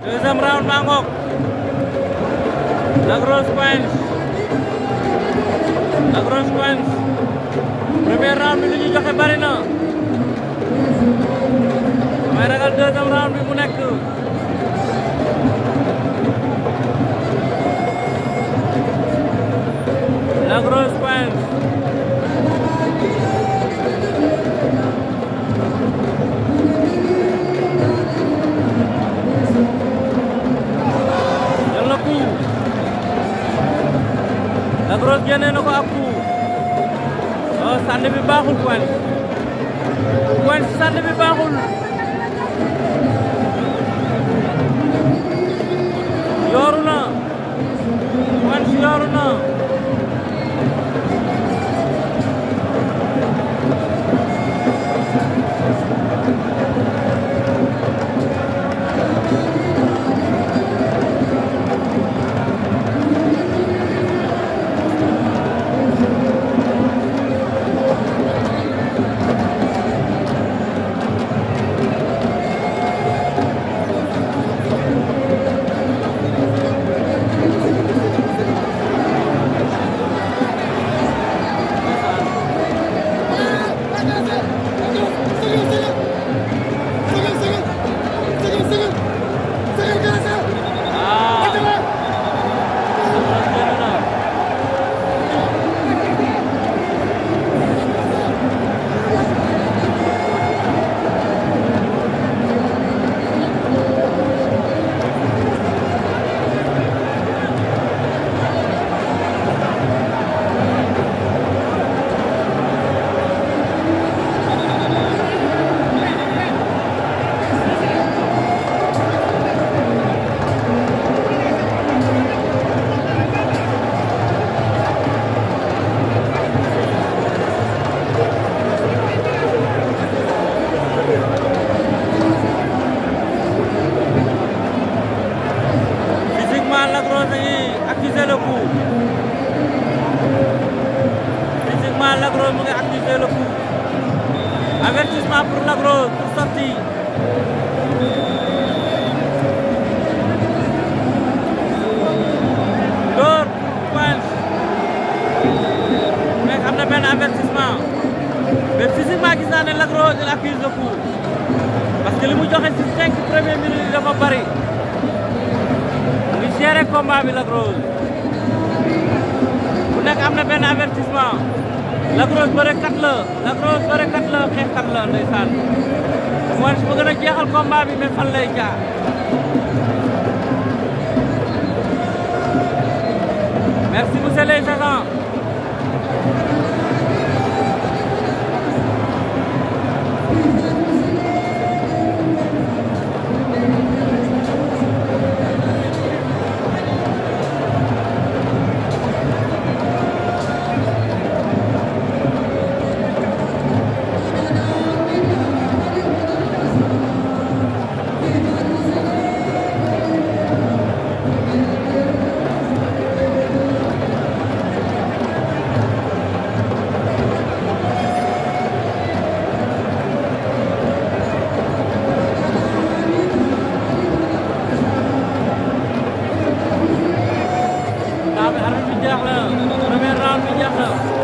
Jusam round mangkok. Lagros points. Lagros points. Premier round itu juga kebarin lah. Mereka jusam round di punek tu. génnee na ko ak ku oh, sànni bi baaxul Quench Quench sànni baaxul accuser le coup physiquement Lac Rose mu ngi accuser le coup avertissement pour Lac Rose pour sortie door Quench mais am na benn avertissement mais physiquement gis naa ne Lac Rose il accuse le coup parce que li mu joxe ci cinq premières minutes dafa bari combat bi Lac Rose nekk am na benn avertissement Lac Rose bërekat la Lac Rose bërekat la xeexkat la ndeysaan mooy su ma gën a jeexal combat bi mais fan lay arbitre bi jeex na premier round bi jeex na